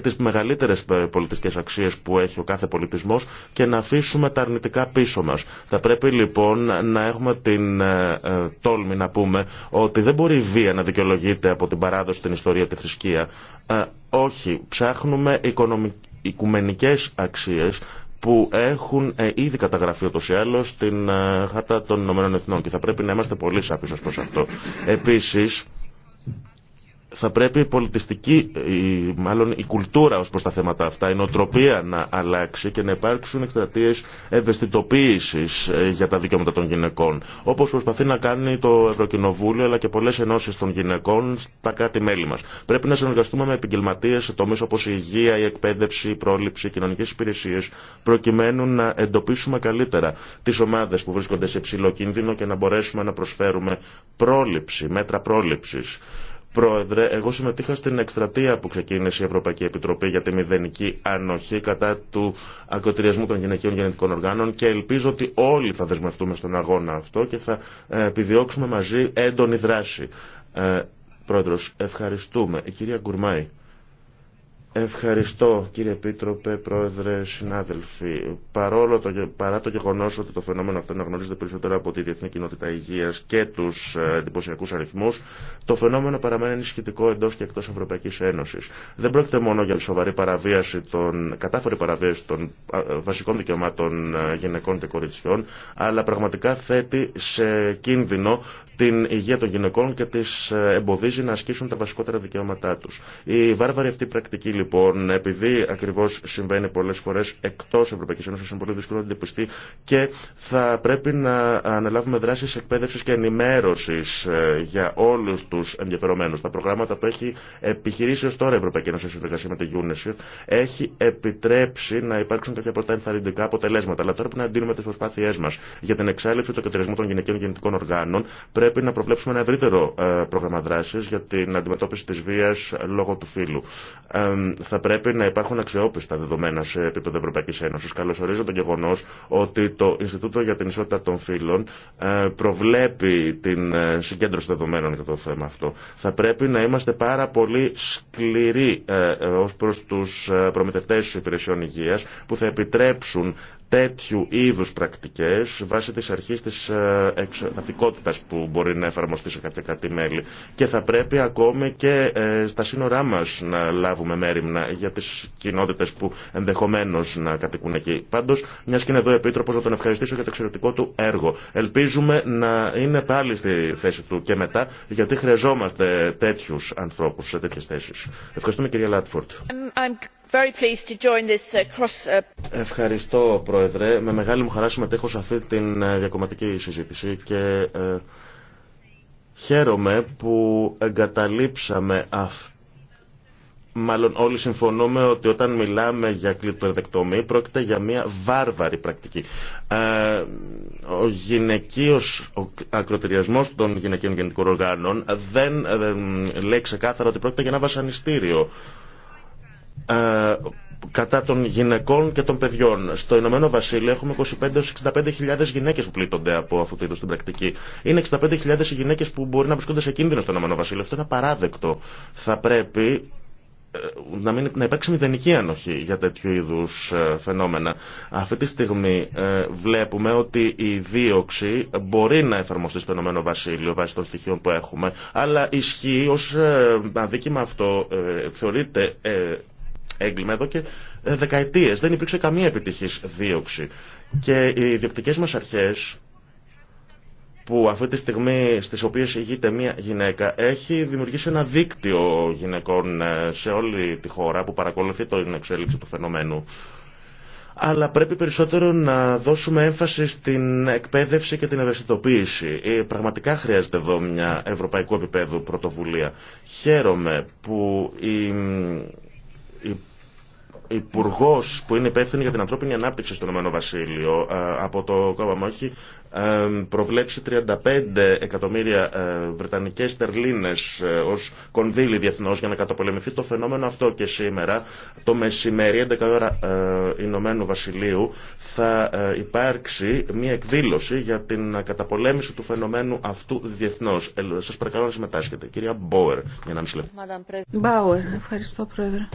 τι μεγαλύτερε πολιτιστικέ αξίε που έχει ο κάθε πολιτισμό και να αφήσουμε τα αρνητικά πίσω μα. Θα πρέπει λοιπόν να έχουμε την ε, ε, τόλμη να πούμε ότι δεν μπορεί η βία να δικαιολογείται από την παράδοση, την ιστορία, τη θρησκεία. Ε, όχι, ψάχνουμε οικουμενικέ αξίε που έχουν ήδη καταγραφεί ούτω ή άλλω στην Χάρτα των Ηνωμένων Εθνών και θα πρέπει να είμαστε πολύ σαφεί προ αυτό. Επίση, θα πρέπει η πολιτιστική, μάλλον η κουλτούρα ως προς τα θέματα αυτά, η νοοτροπία να αλλάξει και να υπάρξουν εκστρατείες ευαισθητοποίησης ε, για τα δικαιώματα των γυναικών. Όπως προσπαθεί να κάνει το Ευρωκοινοβούλιο αλλά και πολλές ενώσεις των γυναικών στα κράτη-μέλη μας. Πρέπει να συνεργαστούμε με επαγγελματίες σε τομείς όπως η υγεία, η εκπαίδευση, η πρόληψη, οι κοινωνικές υπηρεσίες προκειμένου να εντοπίσουμε καλύτερα τις ομάδες που βρίσκονται σε υψηλό κίνδυνο και να μπορέσουμε να προσφέρουμε πρόληψη, μέτρα πρόληψης Πρόεδρε, εγώ συμμετείχα στην εκστρατεία που ξεκίνησε η Ευρωπαϊκή Επιτροπή για τη μηδενική ανοχή κατά του ακροτηριασμού των γυναικείων γενετικών οργάνων και ελπίζω ότι όλοι θα δεσμευτούμε στον αγώνα αυτό και θα ε, επιδιώξουμε μαζί έντονη δράση. Ε, πρόεδρος, ευχαριστούμε. Η κυρία Γκουρμάη. Ευχαριστώ κύριε Επίτροπε, Πρόεδρε, συνάδελφοι. Παρόλο το, παρά το γεγονό ότι το φαινόμενο αυτό αναγνωρίζεται περισσότερο από τη Διεθνή Κοινότητα Υγεία και του ε, εντυπωσιακού αριθμού, το φαινόμενο παραμένει σχετικό εντό και εκτό Ευρωπαϊκή Ένωση. Δεν πρόκειται μόνο για σοβαρή παραβίαση των, κατάφορη παραβίαση των βασικών δικαιωμάτων ε, γυναικών και κοριτσιών, αλλά πραγματικά θέτει σε κίνδυνο την υγεία των γυναικών και τι ε, εμποδίζει να ασκήσουν τα βασικότερα δικαιώματά του. Η βάρβαρη αυτή πρακτική λοιπόν, λοιπόν, επειδή ακριβώ συμβαίνει πολλέ φορέ εκτό Ευρωπαϊκή Ένωση, είναι πολύ δύσκολο να αντιπιστεί και θα πρέπει να αναλάβουμε δράσει εκπαίδευση και ενημέρωση ε, για όλου του ενδιαφερομένου. Τα προγράμματα που έχει επιχειρήσει ω τώρα η Ευρωπαϊκή Ένωση σε συνεργασία με τη UNICEF έχει επιτρέψει να υπάρξουν κάποια πρώτα ενθαρρυντικά αποτελέσματα. Αλλά τώρα που να εντείνουμε τι προσπάθειέ μα για την εξάλληψη του κατηρισμού των γυναικείων γεννητικών οργάνων, πρέπει να προβλέψουμε ένα ευρύτερο ε, πρόγραμμα δράση για την αντιμετώπιση τη βία λόγω του φύλου θα πρέπει να υπάρχουν αξιόπιστα δεδομένα σε επίπεδο Ευρωπαϊκή Ένωση. Καλωσορίζω το γεγονό ότι το Ινστιτούτο για την Ισότητα των Φύλων ε, προβλέπει την ε, συγκέντρωση δεδομένων για το θέμα αυτό. Θα πρέπει να είμαστε πάρα πολύ σκληροί ε, ω προ του προμηθευτέ υπηρεσιών υγεία που θα επιτρέψουν τέτοιου είδους πρακτικές βάσει της αρχής της ε, εξωταθικότητας που μπορεί να εφαρμοστεί σε κάποια κάτι μέλη. Και θα πρέπει ακόμη και ε, στα σύνορά μας να λάβουμε μέρημνα για τις κοινότητες που ενδεχομένως να κατοικούν εκεί. Πάντως, μια και είναι εδώ επίτροπος, να τον ευχαριστήσω για το εξαιρετικό του έργο. Ελπίζουμε να είναι πάλι στη θέση του και μετά, γιατί χρειαζόμαστε τέτοιους ανθρώπους σε τέτοιες θέσεις. Ευχαριστούμε κυρία Λάτφορντ. Um, Uh, uh, Ευχαριστώ, Πρόεδρε. Με μεγάλη μου χαρά συμμετέχω σε αυτή τη ε, διακομματική συζήτηση και ε, χαίρομαι που εγκαταλείψαμε αυτό. Μάλλον όλοι συμφωνούμε ότι όταν μιλάμε για κλειτοδεκτομή πρόκειται για μια βάρβαρη πρακτική. Ε, ο γυναικείος ο ακροτηριασμός των γυναικείων γενικών οργάνων δεν λέει ξεκάθαρα ότι πρόκειται για ένα βασανιστήριο. Ε, κατά των γυναικών και των παιδιών. Στο Ηνωμένο Βασίλειο έχουμε 25-65.000 γυναίκε που πλήττονται από αυτού του είδου την πρακτική. Είναι 65.000 οι γυναίκε που μπορεί να βρισκόνται σε κίνδυνο στο Ηνωμένο Βασίλειο. Αυτό είναι απαράδεκτο. Θα πρέπει ε, να, μην, να υπάρξει μηδενική ανοχή για τέτοιου είδου ε, φαινόμενα. Αυτή τη στιγμή βλέπουμε ότι η δίωξη μπορεί να εφαρμοστεί στο Ηνωμένο Βασίλειο βάσει των στοιχείων που έχουμε, αλλά ισχύει ω αδίκημα αυτό θεωρείται έγκλημα εδώ και ε, δεκαετίες. Δεν υπήρξε καμία επιτυχη δίωξη. Και οι ιδιοκτικέ μας αρχές που αυτή τη στιγμή στις οποίες ηγείται μια γυναίκα έχει δημιουργήσει ένα δίκτυο γυναικών ε, σε όλη τη χώρα που παρακολουθεί την εξέλιξη του φαινομένου αλλά πρέπει περισσότερο να δώσουμε έμφαση στην εκπαίδευση και την ευαισθητοποίηση. Ε, πραγματικά χρειάζεται εδώ μια ευρωπαϊκού επίπεδου πρωτοβουλία. Χαίρομαι που η υπουργό που είναι υπεύθυνοι για την ανθρώπινη ανάπτυξη στον Ηνωμένο Βασίλειο ε, από το κόμμα μου έχει ε, προβλέψει 35 εκατομμύρια ε, βρετανικές τερλίνες ως κονδύλι διεθνώς για να καταπολεμηθεί το φαινόμενο αυτό και σήμερα το μεσημέρι 11 ώρα Ηνωμένου Βασιλείου θα υπάρξει μια εκδήλωση για την καταπολέμηση του φαινομένου αυτού διεθνώς. Σας παρακαλώ να συμμετάσχετε. Κυρία Μπόερ, για να μην Μπάουερ, ευχαριστώ Πρόεδρε.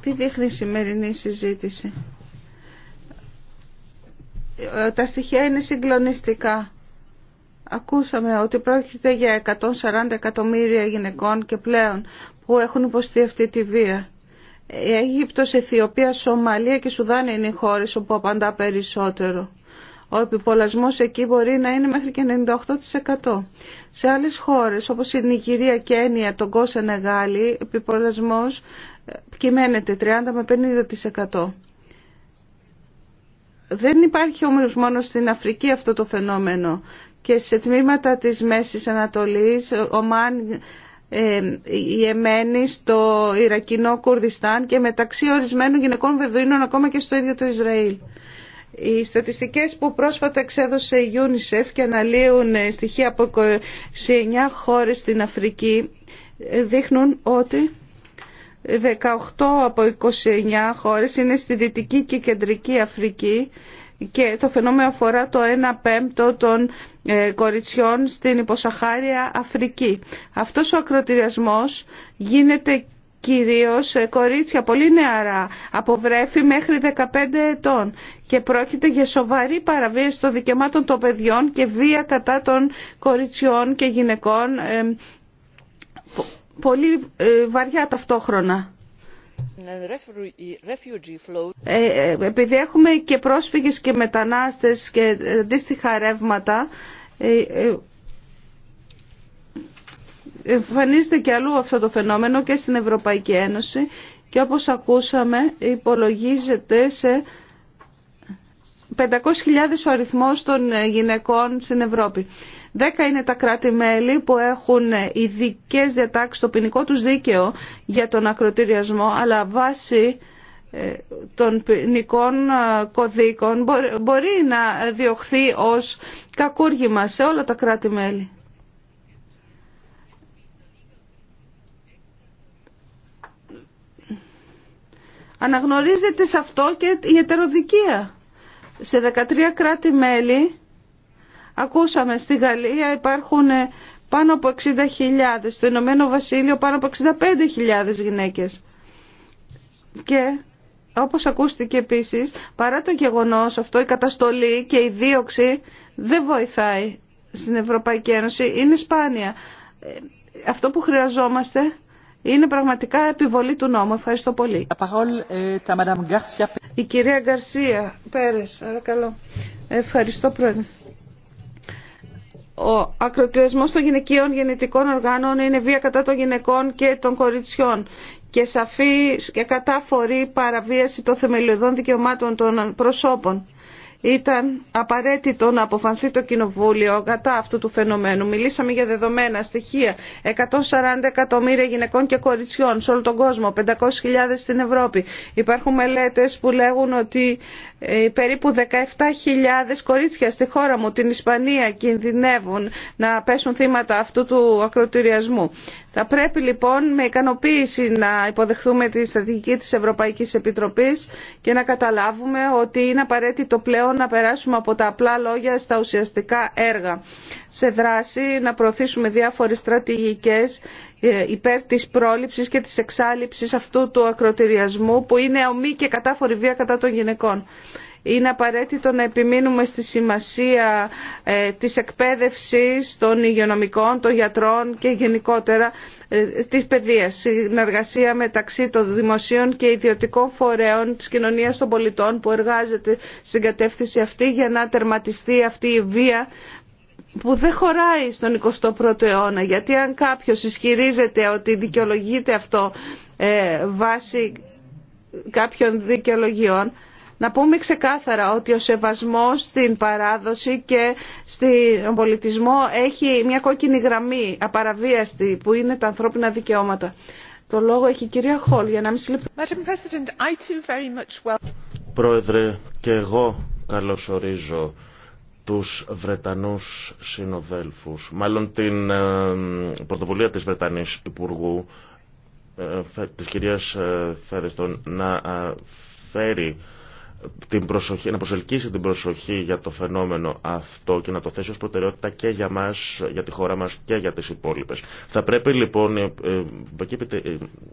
Τι δείχνει η σημερινή συζήτηση. Ε, τα στοιχεία είναι συγκλονιστικά. Ακούσαμε ότι πρόκειται για 140 εκατομμύρια γυναικών και πλέον που έχουν υποστεί αυτή τη βία. Η Αίγυπτος, Αιθιοπία, Σομαλία και Σουδάν είναι οι χώρες όπου απαντά περισσότερο. Ο επιπολασμός εκεί μπορεί να είναι μέχρι και 98%. Σε άλλες χώρες όπως η Νιγηρία, Κένια, τον Κόσενα, Γάλλη, ο επιπολασμός ε, κυμαίνεται 30 με 50%. Δεν υπάρχει όμως μόνο στην Αφρική αυτό το φαινόμενο και σε τμήματα της Μέσης Ανατολής, Ομάν, ε, η Εμένη στο Ιρακινό Κουρδιστάν και μεταξύ ορισμένων γυναικών Βεδουίνων ακόμα και στο ίδιο το Ισραήλ. Οι στατιστικές που πρόσφατα εξέδωσε η UNICEF και αναλύουν ε, στοιχεία από 29 χώρες στην Αφρική ε, δείχνουν ότι 18 από 29 χώρες είναι στη Δυτική και Κεντρική Αφρική και το φαινόμενο αφορά το 1 πέμπτο των ε, κοριτσιών στην υποσαχάρια Αφρική. Αυτός ο ακροτηριασμός γίνεται κυρίως ε, κορίτσια πολύ νεαρά, από βρέφη μέχρι 15 ετών και πρόκειται για σοβαρή παραβίαση των δικαιωμάτων των παιδιών και βία κατά των κοριτσιών και γυναικών πολύ ε, βαριά ταυτόχρονα. Ε, επειδή έχουμε και πρόσφυγες και μετανάστες και αντίστοιχα ρεύματα, Εμφανίζεται και αλλού αυτό το φαινόμενο και στην Ευρωπαϊκή Ένωση και όπως ακούσαμε υπολογίζεται σε 500.000 ο αριθμός των γυναικών στην Ευρώπη. Δέκα είναι τα κράτη-μέλη που έχουν ειδικέ διατάξεις στο ποινικό τους δίκαιο για τον ακροτηριασμό, αλλά βάσει ε, των ποινικών ε, κωδίκων μπορεί να διωχθεί ως κακούργημα σε όλα τα κράτη-μέλη. Αναγνωρίζεται σε αυτό και η ετεροδικία. Σε 13 κράτη-μέλη, ακούσαμε, στη Γαλλία υπάρχουν ε, πάνω από 60.000, στο Ηνωμένο Βασίλειο πάνω από 65.000 γυναίκες. Και όπως ακούστηκε επίσης, παρά το γεγονός αυτό, η καταστολή και η δίωξη δεν βοηθάει στην Ευρωπαϊκή Ένωση, είναι σπάνια. Ε, αυτό που χρειαζόμαστε είναι πραγματικά επιβολή του νόμου. Ευχαριστώ πολύ. Η κυρία Γκαρσία Πέρες, παρακαλώ. Ευχαριστώ πρόεδρε. Ο ακροτηρισμός των γυναικείων γεννητικών οργάνων είναι βία κατά των γυναικών και των κοριτσιών και σαφή και κατάφορη παραβίαση των θεμελιωδών δικαιωμάτων των προσώπων ήταν απαραίτητο να αποφανθεί το Κοινοβούλιο κατά αυτού του φαινομένου. Μιλήσαμε για δεδομένα, στοιχεία. 140 εκατομμύρια γυναικών και κοριτσιών σε όλο τον κόσμο, 500.000 στην Ευρώπη. Υπάρχουν μελέτες που λέγουν ότι ε, περίπου 17.000 κορίτσια στη χώρα μου, την Ισπανία, κινδυνεύουν να πέσουν θύματα αυτού του ακροτηριασμού. Θα πρέπει λοιπόν με ικανοποίηση να υποδεχθούμε τη στρατηγική της Ευρωπαϊκής Επιτροπής και να καταλάβουμε ότι είναι απαραίτητο πλέον να περάσουμε από τα απλά λόγια στα ουσιαστικά έργα. Σε δράση να προωθήσουμε διάφορες στρατηγικές ε, υπέρ της πρόληψης και της εξάλληψης αυτού του ακροτηριασμού που είναι ομή και κατάφορη βία κατά των γυναικών. Είναι απαραίτητο να επιμείνουμε στη σημασία ε, της εκπαίδευσης των υγειονομικών, των γιατρών και γενικότερα ε, της παιδείας. Συνεργασία μεταξύ των δημοσίων και ιδιωτικών φορέων της κοινωνίας των πολιτών που εργάζεται στην κατεύθυνση αυτή για να τερματιστεί αυτή η βία που δεν χωράει στον 21ο αιώνα γιατί αν κάποιος ισχυρίζεται ότι δικαιολογείται αυτό ε, βάσει κάποιων δικαιολογιών να πούμε ξεκάθαρα ότι ο σεβασμός στην παράδοση και στον πολιτισμό έχει μια κόκκινη γραμμή απαραβίαστη που είναι τα ανθρώπινα δικαιώματα. Το λόγο έχει η κυρία Χόλ για να μην Πρόεδρε, και εγώ καλωσορίζω τους Βρετανούς συνοδέλφους, μάλλον την ε, πρωτοβουλία της Βρετανής Υπουργού, ε, της κυρίας ε, Φέδεστον, να φέρει την προσοχή, να προσελκύσει την προσοχή για το φαινόμενο αυτό και να το θέσει ως προτεραιότητα και για μας, για τη χώρα μας και για τις υπόλοιπες. Θα πρέπει λοιπόν η ε,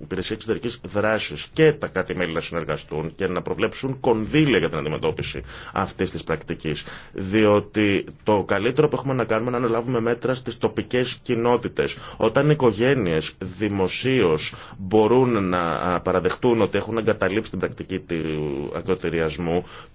Υπηρεσία Εξωτερικής Δράσης και τα κάτι μέλη να συνεργαστούν και να προβλέψουν κονδύλια για την αντιμετώπιση αυτής της πρακτικής. Διότι το καλύτερο που έχουμε να κάνουμε είναι να αναλάβουμε μέτρα στις τοπικές κοινότητες. Όταν οι οικογένειες δημοσίω μπορούν να παραδεχτούν ότι έχουν εγκαταλείψει την πρακτική του ακροτηριασμού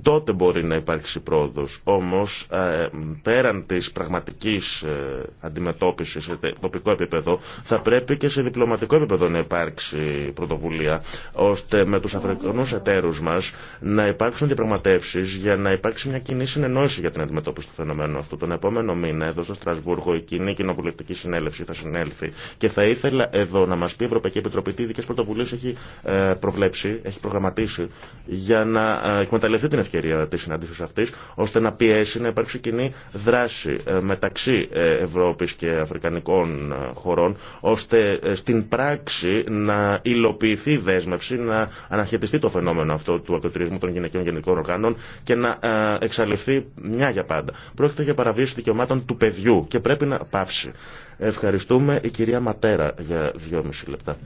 τότε μπορεί να υπάρξει πρόοδος. Όμως, ε, πέραν της πραγματικής ε, αντιμετώπισης σε τοπικό επίπεδο, θα πρέπει και σε διπλωματικό επίπεδο να υπάρξει πρωτοβουλία, ώστε με τους Αφρικανούς εταίρους μας να υπάρξουν διαπραγματεύσεις για να υπάρξει μια κοινή συνεννόηση για την αντιμετώπιση του φαινομένου αυτού. Τον επόμενο μήνα, εδώ στο Στρασβούργο, η κοινή κοινοβουλευτική συνέλευση θα συνέλθει και θα ήθελα εδώ να μας πει η Ευρωπαϊκή Επιτροπή τι ειδικές έχει ε, προβλέψει, έχει προγραμματίσει για να εκμεταλλευτεί την ευκαιρία τη συνάντηση αυτή ώστε να πιέσει να υπάρξει κοινή δράση ε, μεταξύ ε, Ευρώπη και Αφρικανικών ε, χωρών ώστε στην πράξη να υλοποιηθεί η δέσμευση να αναχαιτιστεί το φαινόμενο αυτό του ακροτηρισμού των γυναικείων γενικών οργάνων και να εξαλειφθεί μια για πάντα. Πρόκειται για παραβίαση δικαιωμάτων του παιδιού και πρέπει να πάυσει. Ευχαριστούμε η κυρία Ματέρα για δυόμιση λεπτά.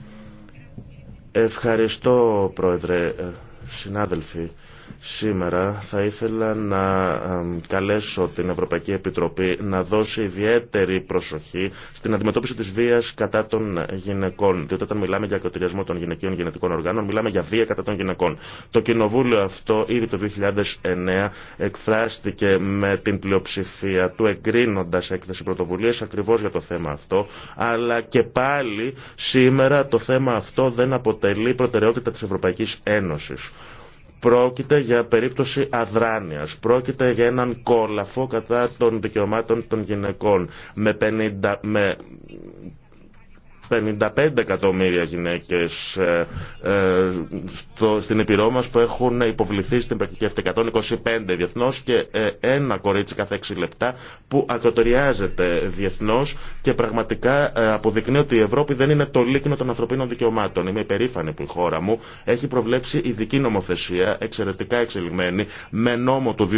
Ευχαριστώ, Πρόεδρε συνάδελφοι, σήμερα θα ήθελα να καλέσω την Ευρωπαϊκή Επιτροπή να δώσει ιδιαίτερη προσοχή στην αντιμετώπιση της βίας κατά των γυναικών. Διότι όταν μιλάμε για ακροτηριασμό των γυναικείων γενετικών οργάνων, μιλάμε για βία κατά των γυναικών. Το κοινοβούλιο αυτό ήδη το 2009 εκφράστηκε με την πλειοψηφία του εγκρίνοντας έκθεση πρωτοβουλίε ακριβώς για το θέμα αυτό, αλλά και πάλι σήμερα το θέμα αυτό δεν αποτελεί προτεραιότητα της Ευρωπαϊκής Ένωσης. Πρόκειται για περίπτωση αδράνειας, πρόκειται για έναν κόλαφο κατά των δικαιωμάτων των γυναικών με, 50, με 55 εκατομμύρια γυναίκες ε, ε, στο, στην Επιρώ που έχουν υποβληθεί στην πρακτική 125 διεθνώς και ε, ένα κορίτσι κάθε 6 λεπτά που ακροτεριάζεται διεθνώς και πραγματικά αποδεικνύει ότι η Ευρώπη δεν είναι το λίκνο των ανθρωπίνων δικαιωμάτων. Είμαι υπερήφανη που η χώρα μου έχει προβλέψει ειδική νομοθεσία εξαιρετικά εξελιγμένη με νόμο του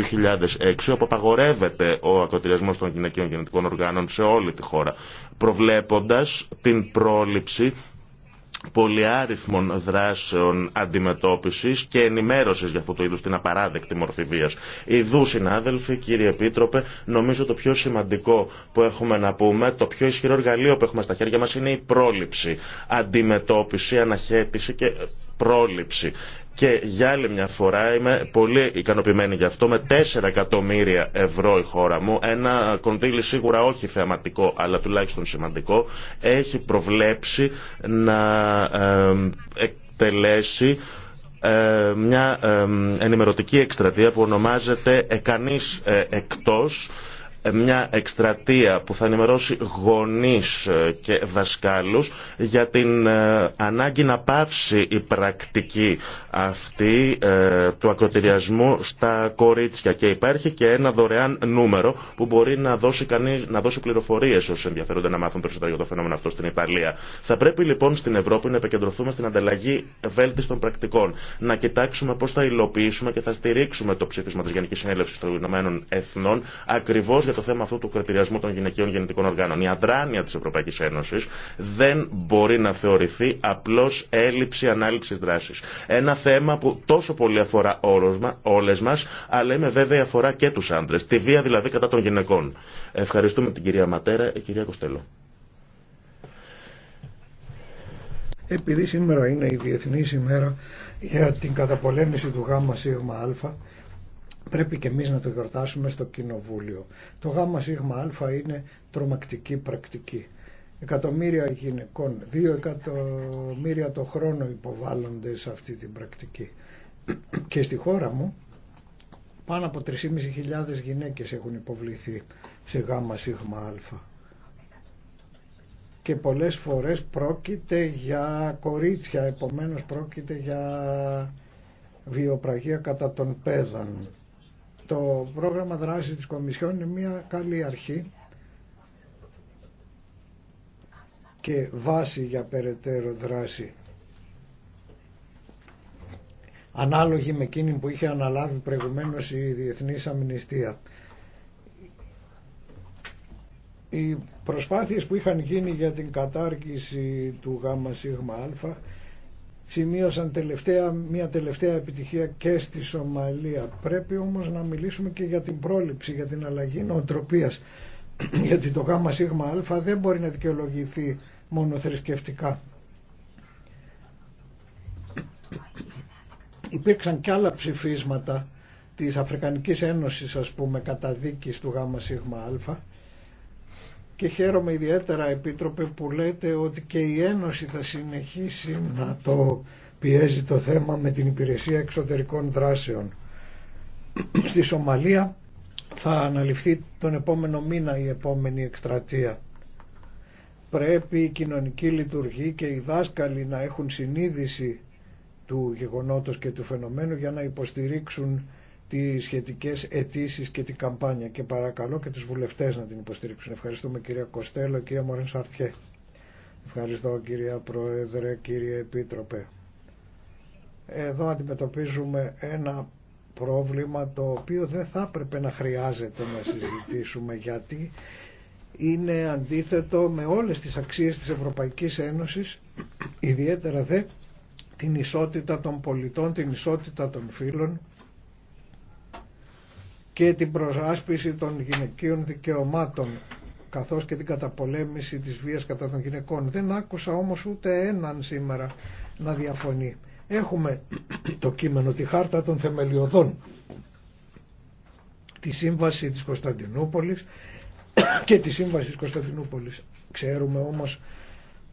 2006 όπου απαγορεύεται ο ακροτηριασμός των γυναικείων γενετικών οργάνων σε όλη τη χώρα προβλέποντας την πρόληψη πολυάριθμων δράσεων αντιμετώπισης και ενημέρωσης για αυτού του είδους την απαράδεκτη μορφή βίας. Ιδού συνάδελφοι, κύριε Επίτροπε, νομίζω το πιο σημαντικό που έχουμε να πούμε, το πιο ισχυρό εργαλείο που έχουμε στα χέρια μας είναι η πρόληψη, αντιμετώπιση, αναχέτηση και πρόληψη. Και για άλλη μια φορά είμαι πολύ ικανοποιημένη γι' αυτό. Με 4 εκατομμύρια ευρώ η χώρα μου, ένα κονδύλι σίγουρα όχι θεαματικό, αλλά τουλάχιστον σημαντικό, έχει προβλέψει να εκτελέσει μια ενημερωτική εκστρατεία που ονομάζεται «Εκανής ε, εκτός» μια εκστρατεία που θα ενημερώσει γονείς ε, και δασκάλους για την ε, ανάγκη να πάυσει η πρακτική αυτή ε, του ακροτηριασμού στα κορίτσια και υπάρχει και ένα δωρεάν νούμερο που μπορεί να δώσει, κανείς, να δώσει πληροφορίες όσοι ενδιαφέρονται να μάθουν περισσότερο για το φαινόμενο αυτό στην Ιταλία. Θα πρέπει λοιπόν στην Ευρώπη να επικεντρωθούμε στην ανταλλαγή βέλτιστων πρακτικών, να κοιτάξουμε πώς θα υλοποιήσουμε και θα στηρίξουμε το ψήφισμα της Γενικής Συνέλευσης των Ηνωμένων Εθνών ακριβώς για το θέμα αυτού του κριτηριασμού των γυναικείων γεννητικών οργάνων. Η αδράνεια τη Ευρωπαϊκή Ένωση δεν μπορεί να θεωρηθεί απλώ έλλειψη ανάληψη δράση. Ένα θέμα που τόσο πολύ αφορά όλε μα, αλλά είμαι βέβαια αφορά και του άντρε. Τη βία δηλαδή κατά των γυναικών. Ευχαριστούμε την κυρία Ματέρα και κυρία Κοστέλο. Επειδή σήμερα είναι η Διεθνή ημέρα για την καταπολέμηση του γάμα α, πρέπει και εμείς να το γιορτάσουμε στο Κοινοβούλιο. Το γάμα σίγμα α είναι τρομακτική πρακτική. Εκατομμύρια γυναικών, δύο εκατομμύρια το χρόνο υποβάλλονται σε αυτή την πρακτική. Και στη χώρα μου πάνω από 3.500 γυναίκες έχουν υποβληθεί σε γάμα σίγμα α. Και πολλές φορές πρόκειται για κορίτσια, επομένως πρόκειται για βιοπραγία κατά των παιδών. Το πρόγραμμα δράσης της Κομισιόν είναι μια καλή αρχή και βάση για περαιτέρω δράση ανάλογη με εκείνη που είχε αναλάβει προηγουμένως η Διεθνής Αμνηστία. Οι προσπάθειες που είχαν γίνει για την κατάργηση του ΓΣΑ σημείωσαν τελευταία, μια τελευταία επιτυχία και στη Σομαλία. Πρέπει όμως να μιλήσουμε και για την πρόληψη, για την αλλαγή νοοτροπίας. Γιατί το γάμα σίγμα αλφα δεν μπορεί να δικαιολογηθεί μόνο θρησκευτικά. Υπήρξαν και άλλα ψηφίσματα της Αφρικανικής Ένωσης ας πούμε καταδίκης του γάμα σίγμα αλφα και χαίρομαι ιδιαίτερα Επίτροπε που λέτε ότι και η Ένωση θα συνεχίσει να το πιέζει το θέμα με την υπηρεσία εξωτερικών δράσεων. Στη Σομαλία θα αναλυφθεί τον επόμενο μήνα η επόμενη εκστρατεία. Πρέπει η κοινωνική λειτουργή και οι δάσκαλοι να έχουν συνείδηση του γεγονότος και του φαινομένου για να υποστηρίξουν τις σχετικές αιτήσει και την καμπάνια και παρακαλώ και τους βουλευτές να την υποστηρίξουν. Ευχαριστούμε κυρία Κοστέλο και κυρία Μωρέν Σαρτιέ. Ευχαριστώ κυρία Πρόεδρε, κύριε Επίτροπε. Εδώ αντιμετωπίζουμε ένα πρόβλημα το οποίο δεν θα έπρεπε να χρειάζεται να συζητήσουμε γιατί είναι αντίθετο με όλες τις αξίες της Ευρωπαϊκής Ένωσης, ιδιαίτερα δε την ισότητα των πολιτών, την ισότητα των φίλων και την προσάσπιση των γυναικείων δικαιωμάτων καθώς και την καταπολέμηση της βίας κατά των γυναικών. Δεν άκουσα όμως ούτε έναν σήμερα να διαφωνεί. Έχουμε το κείμενο, τη χάρτα των θεμελιωδών, τη σύμβαση της Κωνσταντινούπολης και τη σύμβαση της Κωνσταντινούπολης. Ξέρουμε όμως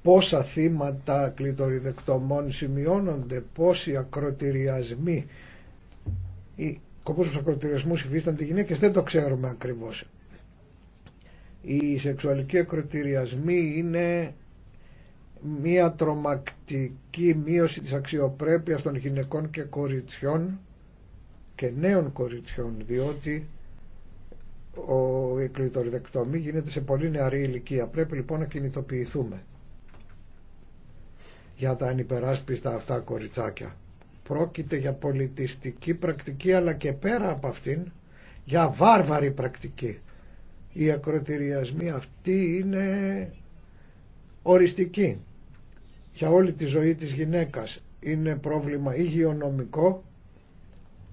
πόσα θύματα κλειτοριδεκτομών σημειώνονται, πόσοι ακροτηριασμοί πόσους ακροτηριασμού υφίστανται οι γυναίκες δεν το ξέρουμε ακριβώς. Οι σεξουαλικοί ακροτηριασμοί είναι μία τρομακτική μείωση της αξιοπρέπειας των γυναικών και κοριτσιών και νέων κοριτσιών διότι ο, η κλειτοριδεκτομή γίνεται σε πολύ νεαρή ηλικία. Πρέπει λοιπόν να κινητοποιηθούμε για τα ανυπεράσπιστα αυτά κοριτσάκια. Πρόκειται για πολιτιστική πρακτική αλλά και πέρα από αυτήν για βάρβαρη πρακτική. Οι ακροτηριασμοί αυτή είναι οριστική. για όλη τη ζωή της γυναίκας. Είναι πρόβλημα υγειονομικό,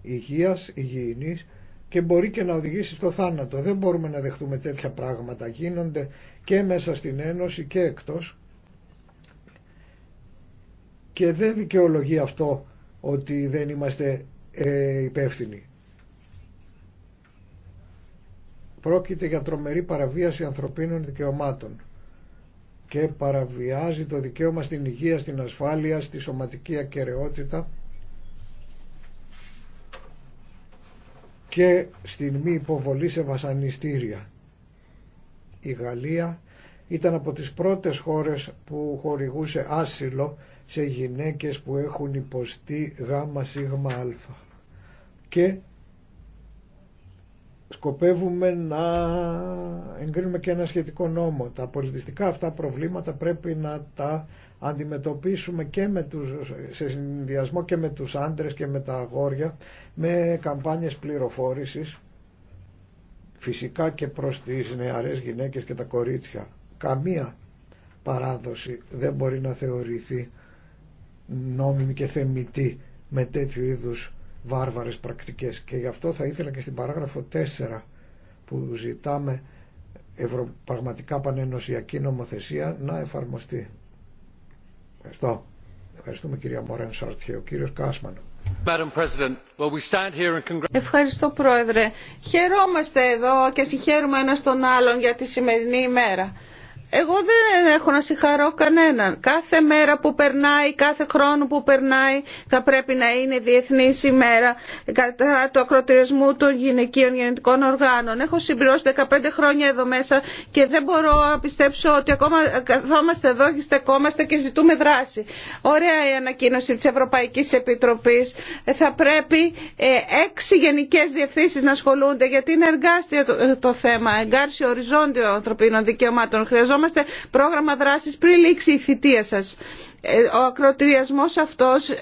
υγείας, υγιεινής και μπορεί και να οδηγήσει στο θάνατο. Δεν μπορούμε να δεχτούμε τέτοια πράγματα. Γίνονται και μέσα στην Ένωση και εκτός και δεν δικαιολογεί αυτό ότι δεν είμαστε ε, υπεύθυνοι. Πρόκειται για τρομερή παραβίαση ανθρωπίνων δικαιωμάτων και παραβιάζει το δικαίωμα στην υγεία, στην ασφάλεια, στη σωματική ακαιρεότητα και στην μη υποβολή σε βασανιστήρια. Η Γαλλία ήταν από τις πρώτες χώρες που χορηγούσε άσυλο σε γυναίκες που έχουν υποστεί γάμα σίγμα αλφα. Και σκοπεύουμε να εγκρίνουμε και ένα σχετικό νόμο. Τα πολιτιστικά αυτά προβλήματα πρέπει να τα αντιμετωπίσουμε και με τους, σε συνδυασμό και με τους άντρες και με τα αγόρια με καμπάνιες πληροφόρησης φυσικά και προς τις νεαρές γυναίκες και τα κορίτσια καμία παράδοση δεν μπορεί να θεωρηθεί νόμιμη και θεμητή με τέτοιου είδους βάρβαρες πρακτικές και γι' αυτό θα ήθελα και στην παράγραφο 4 που ζητάμε πραγματικά πανενωσιακή νομοθεσία να εφαρμοστεί. Ευχαριστώ. Ευχαριστούμε κυρία Μωρέν Σαρτιέ. Ο κύριος Κάσμαν. Ευχαριστώ Πρόεδρε. Χαιρόμαστε εδώ και συγχαίρουμε ένα τον άλλον για τη σημερινή ημέρα. Εγώ δεν έχω να συγχαρώ κανέναν. Κάθε μέρα που περνάει, κάθε χρόνο που περνάει θα πρέπει να είναι διεθνή ημέρα κατά του ακροτηρισμού των γυναικείων γεννητικών οργάνων. Έχω συμπληρώσει 15 χρόνια εδώ μέσα και δεν μπορώ να πιστέψω ότι ακόμα καθόμαστε εδώ και στεκόμαστε και ζητούμε δράση. Ωραία η ανακοίνωση τη Ευρωπαϊκή Επιτροπή. Θα πρέπει ε, έξι γενικέ διευθύνσει να ασχολούνται γιατί είναι εργάστιο το, θέμα, εγκάρσιο οριζόντιο ανθρωπίνων δικαιωμάτων χρειαζόμαστε πρόγραμμα δράσης πριν λήξει η θητεία σας. Ε, ο ακροτηριασμός αυτός ε,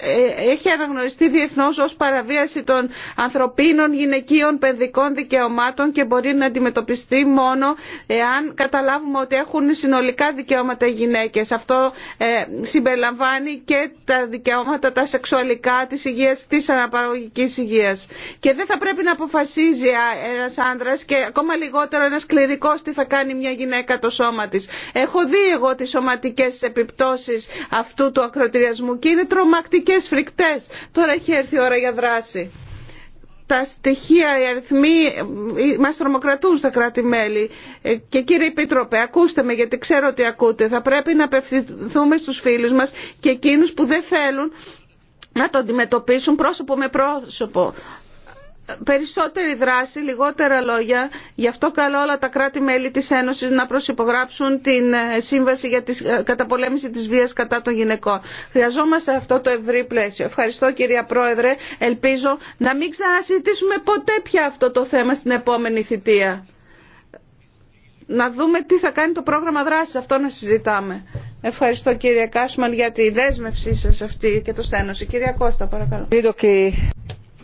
έχει αναγνωριστεί διεθνώς ως παραβίαση των ανθρωπίνων, γυναικείων, παιδικών δικαιωμάτων και μπορεί να αντιμετωπιστεί μόνο εάν καταλάβουμε ότι έχουν συνολικά δικαιώματα οι γυναίκες. Αυτό ε, συμπεριλαμβάνει και τα δικαιώματα τα σεξουαλικά, της υγείας, της αναπαραγωγικής υγείας. Και δεν θα πρέπει να αποφασίζει ένας άντρας και ακόμα λιγότερο ένας κληρικός τι θα κάνει μια γυναίκα το σώμα της. Έχω δει εγώ τις σωματικές επιπτώσεις αυτού του ακροτηριασμού και είναι τρομακτικές, φρικτές. Τώρα έχει έρθει η ώρα για δράση. Τα στοιχεία, οι αριθμοί ε, μας τρομοκρατούν στα κράτη-μέλη. Ε, και κύριε Επίτροπε, ακούστε με γιατί ξέρω ότι ακούτε. Θα πρέπει να απευθυνθούμε στους φίλους μας και εκείνους που δεν θέλουν να το αντιμετωπίσουν πρόσωπο με πρόσωπο περισσότερη δράση, λιγότερα λόγια. Γι' αυτό καλό όλα τα κράτη-μέλη της Ένωσης να προσυπογράψουν την ε, Σύμβαση για την ε, καταπολέμηση της βίας κατά των γυναικών. Χρειαζόμαστε αυτό το ευρύ πλαίσιο. Ευχαριστώ κυρία Πρόεδρε. Ελπίζω να μην ξανασυζητήσουμε ποτέ πια αυτό το θέμα στην επόμενη θητεία. Να δούμε τι θα κάνει το πρόγραμμα δράσης. Αυτό να συζητάμε. Ευχαριστώ κύριε Κάσμαν για τη δέσμευσή σας αυτή και το στένωση. Κυρία Κώστα παρακαλώ.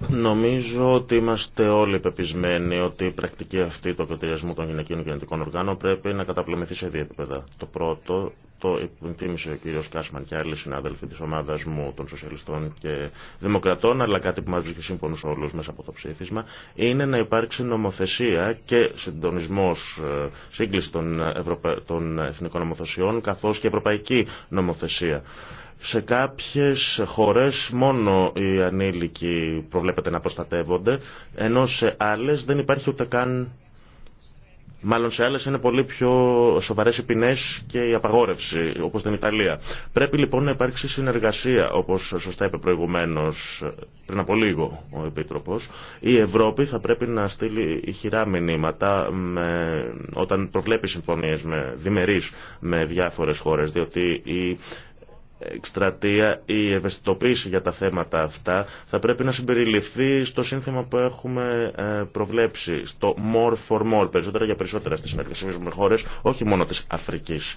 Νομίζω ότι είμαστε όλοι πεπισμένοι ότι η πρακτική αυτή του ακροτηριασμού των γυναικείων και γενετικών οργάνων πρέπει να καταπλημεθεί σε δύο επίπεδα. Το πρώτο, το υπενθύμησε ο κ. Κάσμαν και άλλοι συνάδελφοι τη ομάδα μου των σοσιαλιστών και δημοκρατών, αλλά κάτι που μας βρίσκει σύμφωνος όλου μέσα από το ψήφισμα, είναι να υπάρξει νομοθεσία και συντονισμό ε, σύγκληση των, Ευρωπα... των εθνικών νομοθεσιών, καθώ και ευρωπαϊκή νομοθεσία σε κάποιες χώρες μόνο οι ανήλικοι προβλέπεται να προστατεύονται, ενώ σε άλλες δεν υπάρχει ούτε καν... Μάλλον σε άλλες είναι πολύ πιο σοβαρές οι ποινές και η απαγόρευση, όπως στην Ιταλία. Πρέπει λοιπόν να υπάρξει συνεργασία, όπως σωστά είπε προηγουμένως πριν από λίγο ο Επίτροπος. Η Ευρώπη θα πρέπει να στείλει ηχηρά μηνύματα με... όταν προβλέπει συμφωνίες με διμερείς με διάφορες χώρες, διότι η εκστρατεία, η ευαισθητοποίηση για τα θέματα αυτά θα πρέπει να συμπεριληφθεί στο σύνθημα που έχουμε ε, προβλέψει, στο more for more, περισσότερα για περισσότερα στις συνεργασίες με χώρες, όχι μόνο της Αφρικής.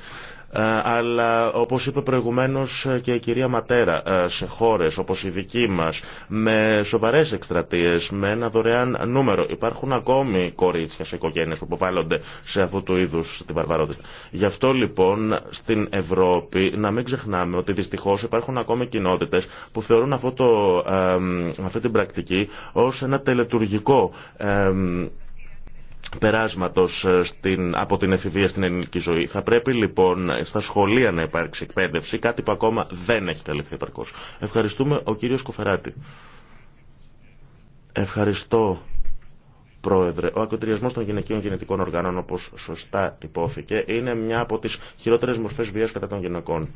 Ε, αλλά όπως είπε προηγουμένως και η κυρία Ματέρα, ε, σε χώρες όπως η δική μας, με σοβαρές εκστρατείες, με ένα δωρεάν νούμερο, υπάρχουν ακόμη κορίτσια σε οικογένειες που αποβάλλονται σε αυτού του είδους την βαρβαρότητα. Γι' αυτό λοιπόν στην Ευρώπη να μην ξεχνάμε ότι δυστυχώς υπάρχουν ακόμη κοινότητες που θεωρούν αυτό το, ε, αυτή την πρακτική ως ένα τελετουργικό περάσματος ε, στην, από την εφηβεία στην ελληνική ζωή. Θα πρέπει λοιπόν στα σχολεία να υπάρξει εκπαίδευση, κάτι που ακόμα δεν έχει καλυφθεί επαρκώς. Ευχαριστούμε ο κύριος Κοφεράτη. Ευχαριστώ. Πρόεδρε, ο ακροτηριασμό των γυναικείων γενετικών οργάνων, όπω σωστά υπόθηκε, είναι μια από τι χειρότερε μορφέ βία κατά των γυναικών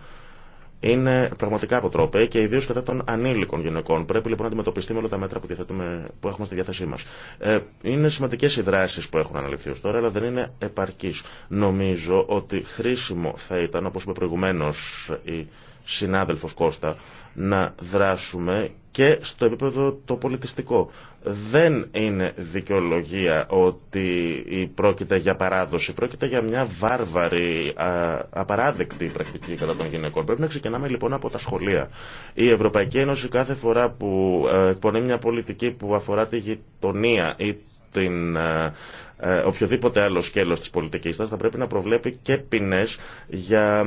είναι πραγματικά αποτρόπε και ιδίω κατά των ανήλικων γυναικών. Πρέπει λοιπόν να αντιμετωπιστεί με όλα τα μέτρα που, που έχουμε στη διάθεσή μα. Ε, είναι σημαντικέ οι δράσει που έχουν αναλυθεί ω τώρα, αλλά δεν είναι επαρκή. Νομίζω ότι χρήσιμο θα ήταν, όπω είπε προηγουμένω η συνάδελφο Κώστα, να δράσουμε και στο επίπεδο το πολιτιστικό. Δεν είναι δικαιολογία ότι πρόκειται για παράδοση, πρόκειται για μια βάρβαρη, απαράδεκτη πρακτική κατά των γυναικών. Πρέπει να ξεκινάμε λοιπόν από τα σχολεία. Η Ευρωπαϊκή Ένωση κάθε φορά που ε, εκπονεί μια πολιτική που αφορά τη γειτονία ή την ε, ε, οποιοδήποτε άλλο σκέλος της πολιτικής σα θα πρέπει να προβλέπει και ποινές για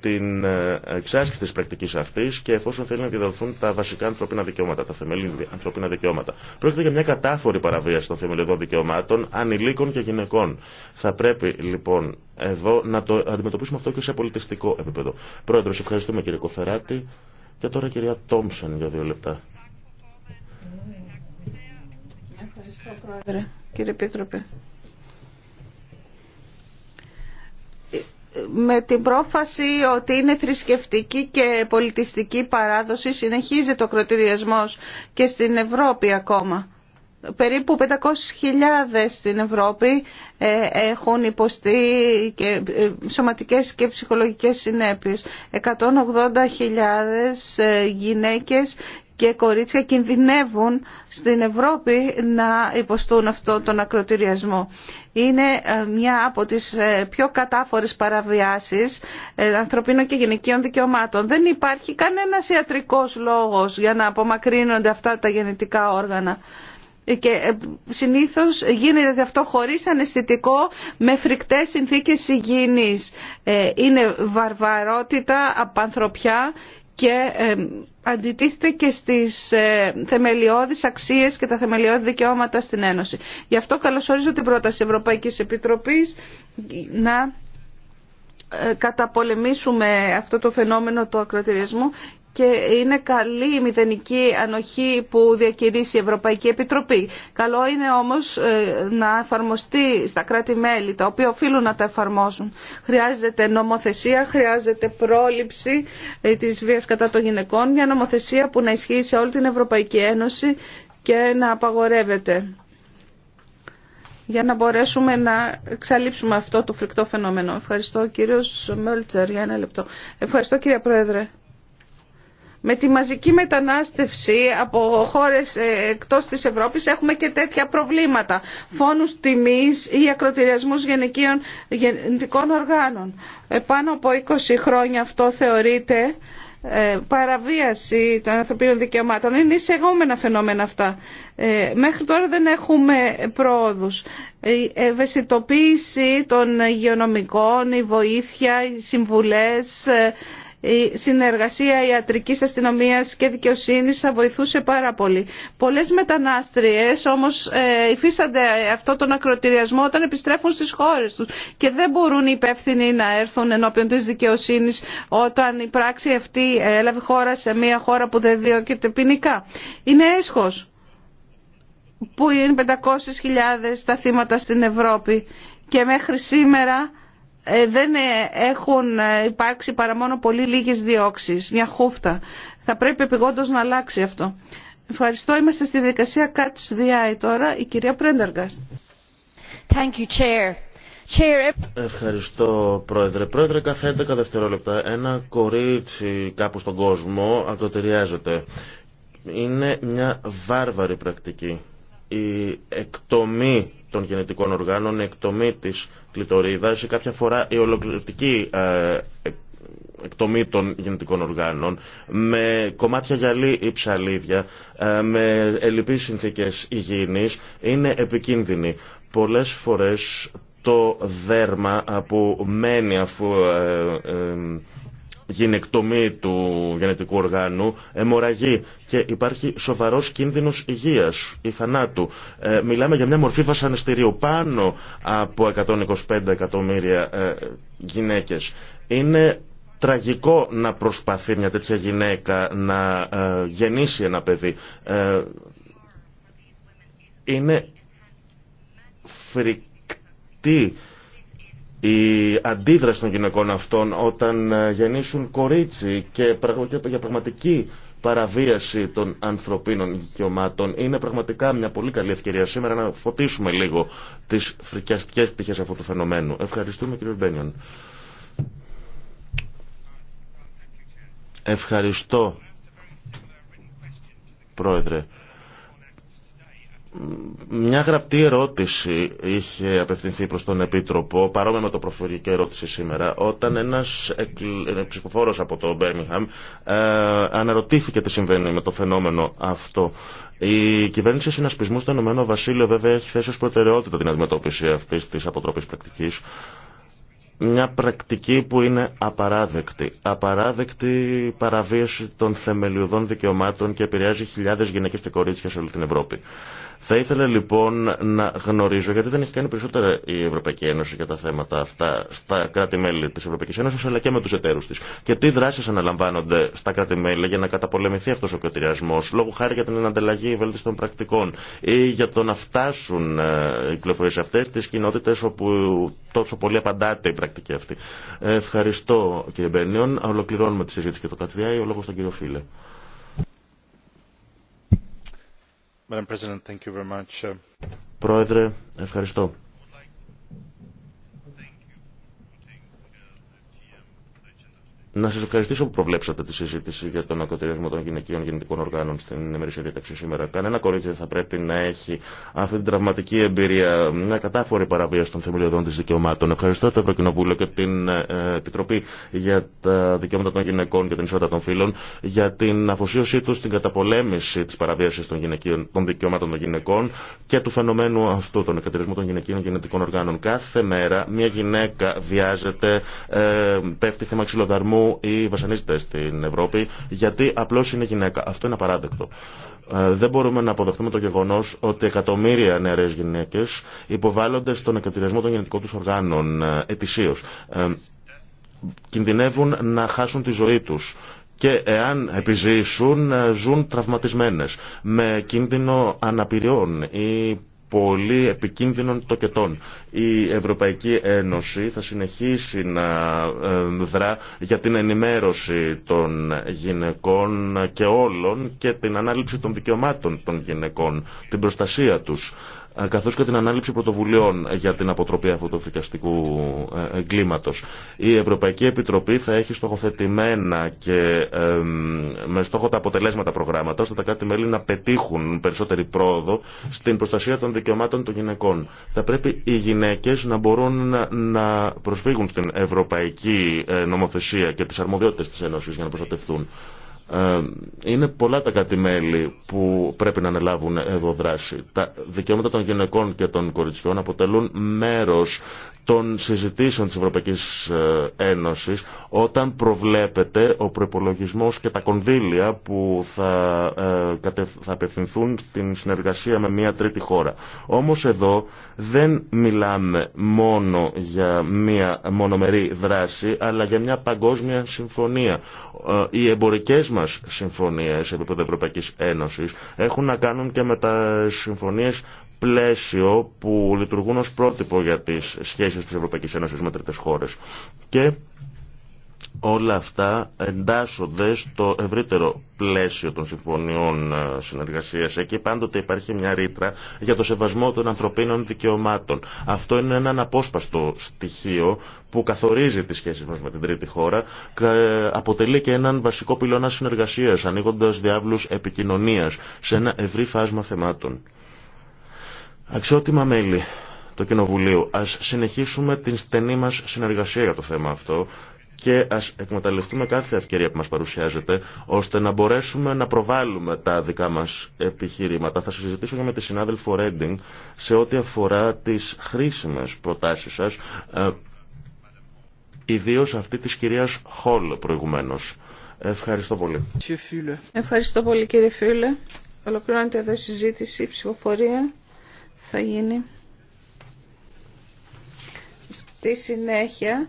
την ε, εξάσκηση της πρακτικής αυτής και εφόσον θέλει να διδοθούν τα βασικά ανθρωπίνα δικαιώματα, τα θεμελιώδη ανθρωπίνα δικαιώματα. Πρόκειται για μια κατάφορη παραβίαση των θεμελιωδών δικαιωμάτων ανηλίκων και γυναικών. Θα πρέπει λοιπόν εδώ να το αντιμετωπίσουμε αυτό και σε πολιτιστικό επίπεδο. Πρόεδρο, ευχαριστούμε κύριε Κοφεράτη. Και τώρα κυρία Τόμσεν για δύο λεπτά. Ευχαριστώ, Πρόεδρε κύριε Επίτροπε. με την πρόφαση ότι είναι θρησκευτική και πολιτιστική παράδοση συνεχίζεται ο κροτηριασμός και στην Ευρώπη ακόμα. Περίπου 500.000 στην Ευρώπη ε, έχουν υποστεί και ε, σωματικές και ψυχολογικές συνέπειες. 180.000 ε, γυναίκες και κορίτσια κινδυνεύουν στην Ευρώπη να υποστούν αυτό τον ακροτηριασμό. Είναι ε, μια από τις ε, πιο κατάφορες παραβιάσεις ε, ανθρωπίνων και γενικών δικαιωμάτων. Δεν υπάρχει κανένας ιατρικός λόγος για να απομακρύνονται αυτά τα γεννητικά όργανα και συνήθως γίνεται αυτό χωρίς αναισθητικό με φρικτές συνθήκες υγιεινής. Είναι βαρβαρότητα, απανθρωπιά και αντιτίθεται και στις ε, θεμελιώδεις αξίες και τα θεμελιώδη δικαιώματα στην Ένωση. Γι' αυτό καλωσορίζω την πρόταση Ευρωπαϊκής Επιτροπής να ε, καταπολεμήσουμε αυτό το φαινόμενο του ακροτηριασμού και είναι καλή η μηδενική ανοχή που διακηρύσει η Ευρωπαϊκή Επιτροπή. Καλό είναι όμως ε, να εφαρμοστεί στα κράτη-μέλη, τα οποία οφείλουν να τα εφαρμόσουν. Χρειάζεται νομοθεσία, χρειάζεται πρόληψη ε, της βίας κατά των γυναικών, μια νομοθεσία που να ισχύει σε όλη την Ευρωπαϊκή Ένωση και να απαγορεύεται για να μπορέσουμε να εξαλείψουμε αυτό το φρικτό φαινόμενο. Ευχαριστώ κύριος Μέλτσερ για ένα λεπτό. Ευχαριστώ κύριε Πρόεδρε. Με τη μαζική μετανάστευση από χώρες ε, εκτός της Ευρώπης έχουμε και τέτοια προβλήματα. Φόνους τιμής ή ακροτηριασμούς γενικών, γενικών οργάνων. Ε, πάνω από 20 χρόνια αυτό θεωρείται ε, παραβίαση των ανθρωπίνων δικαιωμάτων. Είναι εισεγόμενα φαινόμενα αυτά. μέχρι τώρα δεν έχουμε πρόοδους. Η ευαισθητοποίηση των υγειονομικών, η βοήθεια, οι συμβουλές, η συνεργασία ιατρικής αστυνομίας και δικαιοσύνης θα βοηθούσε πάρα πολύ. Πολλές μετανάστριες όμως ε, υφίστανται αυτό τον ακροτηριασμό όταν επιστρέφουν στις χώρες τους και δεν μπορούν οι υπεύθυνοι να έρθουν ενώπιον της δικαιοσύνης όταν η πράξη αυτή έλαβε χώρα σε μια χώρα που δεν διώκεται ποινικά. Είναι έσχος που είναι 500.000 τα θύματα στην Ευρώπη και μέχρι σήμερα ε, δεν ε, έχουν ε, υπάρξει παρά μόνο πολύ λίγες διώξεις, μια χούφτα. Θα πρέπει επιγόντως να αλλάξει αυτό. Ευχαριστώ. Είμαστε στη δικασία Catch the τώρα. Η κυρία Πρέντεργαστ. Thank you, Chair. Ευχαριστώ Πρόεδρε. Πρόεδρε, κάθε 11 δευτερόλεπτα ένα κορίτσι κάπου στον κόσμο αυτοτηριάζεται. Είναι μια βάρβαρη πρακτική. Η εκτομή των γενετικών οργάνων, η εκτομή της η ολοκληρωτική ε, εκτομή των γεννητικών οργάνων, με κομμάτια γυαλί ή ψαλίδια, ε, με ελλειπείς συνθήκες υγιεινής, είναι επικίνδυνη. Πολλές φορές το δέρμα που μένει αφού ε, γυναικτομή του γενετικού οργάνου, αιμορραγή και υπάρχει σοβαρός κίνδυνος υγείας ή θανάτου. Ε, μιλάμε για μια μορφή βασανιστηρίου πάνω από 125 εκατομμύρια ε, γυναίκες. Είναι τραγικό να προσπαθεί μια τέτοια γυναίκα να ε, γεννήσει ένα παιδί. Ε, είναι φρικτή η αντίδραση των γυναικών αυτών όταν ε, γεννήσουν κορίτσι και για πραγματική παραβίαση των ανθρωπίνων δικαιωμάτων είναι πραγματικά μια πολύ καλή ευκαιρία σήμερα να φωτίσουμε λίγο τις φρικιαστικές πτυχές αυτού του φαινομένου. Ευχαριστούμε κύριε Μπένιον. Ευχαριστώ πρόεδρε. Μια γραπτή ερώτηση είχε απευθυνθεί προς τον Επίτροπο, παρόμοια με το προφορική ερώτηση σήμερα, όταν ένας ψηφοφόρος από το Μπέρμιχαμ ε, αναρωτήθηκε τι συμβαίνει με το φαινόμενο αυτό. Η κυβέρνηση συνασπισμού στο Ηνωμένο Βασίλειο βέβαια έχει θέσει ως προτεραιότητα την αντιμετώπιση αυτής της αποτροπής πρακτικής μια πρακτική που είναι απαράδεκτη. Απαράδεκτη παραβίαση των θεμελιωδών δικαιωμάτων και επηρεάζει χιλιάδες γυναίκες και κορίτσια σε όλη την Ευρώπη. Θα ήθελα λοιπόν να γνωρίζω, γιατί δεν έχει κάνει περισσότερα η Ευρωπαϊκή Ένωση για τα θέματα αυτά στα κράτη-μέλη της Ευρωπαϊκής Ένωσης, αλλά και με τους εταίρους της. Και τι δράσεις αναλαμβάνονται στα κράτη-μέλη για να καταπολεμηθεί αυτός ο κριτηριασμός, λόγω χάρη για την ανταλλαγή βέλτιστων πρακτικών ή για το να φτάσουν ε, οι αυτές στις όπου τόσο πολύ απαντάται πρακτική αυτή. Ευχαριστώ κύριε Μπένιον. Ολοκληρώνουμε τη συζήτηση και το Κατδιάι. Ο λόγος στον κύριο Φίλε. Πρόεδρε, ευχαριστώ. Να σα ευχαριστήσω που προβλέψατε τη συζήτηση για τον ακροτηριασμό των γυναικείων γεννητικών οργάνων στην ημερήσια διαταξή σήμερα. Κανένα κορίτσι δεν θα πρέπει να έχει αυτή την τραυματική εμπειρία, μια κατάφορη παραβίαση των θεμελιωδών τη δικαιωμάτων. Ευχαριστώ το Ευρωκοινοβούλιο και την ε, Επιτροπή για τα Δικαιώματα των Γυναικών και την Ισότητα των Φύλων για την αφοσίωσή του στην καταπολέμηση τη παραβίαση των, των δικαιωμάτων των γυναικών και του φαινομένου αυτού, τον εκατηρισμό των γυναικείων γεννητικών οργάνων. Κάθε μέρα μια γυναίκα βιάζεται, ε, πέφτει θέμα ξυλοδαρμού, ή βασανίζεται στην Ευρώπη γιατί απλώ είναι γυναίκα. Αυτό είναι απαράδεκτο. Ε, δεν μπορούμε να αποδεχτούμε το γεγονό ότι εκατομμύρια νεαρέ γυναίκε υποβάλλονται στον εκτελεσμό των γενετικών του οργάνων ε, ετησίω. Ε, κινδυνεύουν να χάσουν τη ζωή του και εάν επιζήσουν ζουν τραυματισμένες με κίνδυνο αναπηριών ή πολύ επικίνδυνων τοκετών. Η Ευρωπαϊκή Ένωση θα συνεχίσει να ε, δρά για την ενημέρωση των γυναικών και όλων και την ανάληψη των δικαιωμάτων των γυναικών, την προστασία τους καθώς και την ανάληψη πρωτοβουλειών για την αποτροπή αυτού του ε, Η Ευρωπαϊκή Επιτροπή θα έχει στοχοθετημένα και με στόχο τα αποτελέσματα προγράμματα ώστε τα κράτη-μέλη να πετύχουν περισσότερη πρόοδο στην προστασία των δικαιωμάτων των γυναικών. Θα πρέπει οι γυναίκες να μπορούν να προσφύγουν στην ευρωπαϊκή ε, νομοθεσία και τις αρμοδιότητες της Ένωσης για να προστατευθούν. Ε, είναι πολλά τα κατημέλη που πρέπει να ανελάβουν εδώ δράση. Τα δικαιώματα των γυναικών και των κοριτσιών αποτελούν μέρος των συζητήσεων της Ευρωπαϊκής ε, Ένωσης όταν προβλέπεται ο προπολογισμό και τα κονδύλια που θα, ε, θα απευθυνθούν στην συνεργασία με μια τρίτη χώρα. Όμως εδώ δεν μιλάμε μόνο για μια μονομερή δράση αλλά για μια παγκόσμια συμφωνία. Οι εμπορικές μας συμφωνίες σε επίπεδο Ευρωπαϊκής Ένωσης έχουν να κάνουν και με τα συμφωνίες πλαίσιο που λειτουργούν ως πρότυπο για τις σχέσεις της Ευρωπαϊκής Ένωσης με τρίτες χώρες. Και όλα αυτά εντάσσονται στο ευρύτερο πλαίσιο των συμφωνιών ε, συνεργασίας. Εκεί πάντοτε υπάρχει μια ρήτρα για το σεβασμό των ανθρωπίνων δικαιωμάτων. Αυτό είναι ένα αναπόσπαστο στοιχείο που καθορίζει τις σχέσεις μας με την τρίτη χώρα και ε, αποτελεί και έναν βασικό πυλώνα συνεργασίας, ανοίγοντας διάβλους επικοινωνίας σε ένα ευρύ φάσμα θεμάτων. Αξιότιμα μέλη του Κοινοβουλίου, ας συνεχίσουμε την στενή μας συνεργασία για το θέμα αυτό και ας εκμεταλλευτούμε κάθε ευκαιρία που μας παρουσιάζεται ώστε να μπορέσουμε να προβάλλουμε τα δικά μας επιχειρήματα. Θα συζητήσω και με τη συνάδελφο Ρέντινγκ σε ό,τι αφορά τις χρήσιμες προτάσεις σας ε, ιδίως αυτή της κυρίας Χολ προηγουμένως. Ευχαριστώ πολύ. Ευχαριστώ πολύ κύριε Φίλε. Ολοκληρώνεται εδώ η συζήτηση, η ψηφοφορία θα γίνει στη συνέχεια.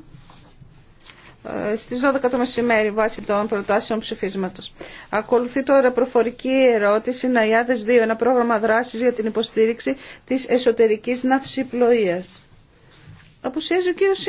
Στι 12 το μεσημέρι βάσει των προτάσεων ψηφίσματο. Ακολουθεί τώρα προφορική ερώτηση Ναϊάδε 2, ένα πρόγραμμα δράσης για την υποστήριξη της εσωτερικής ναυσιπλοεία. Αποουσιάζει ο κύριο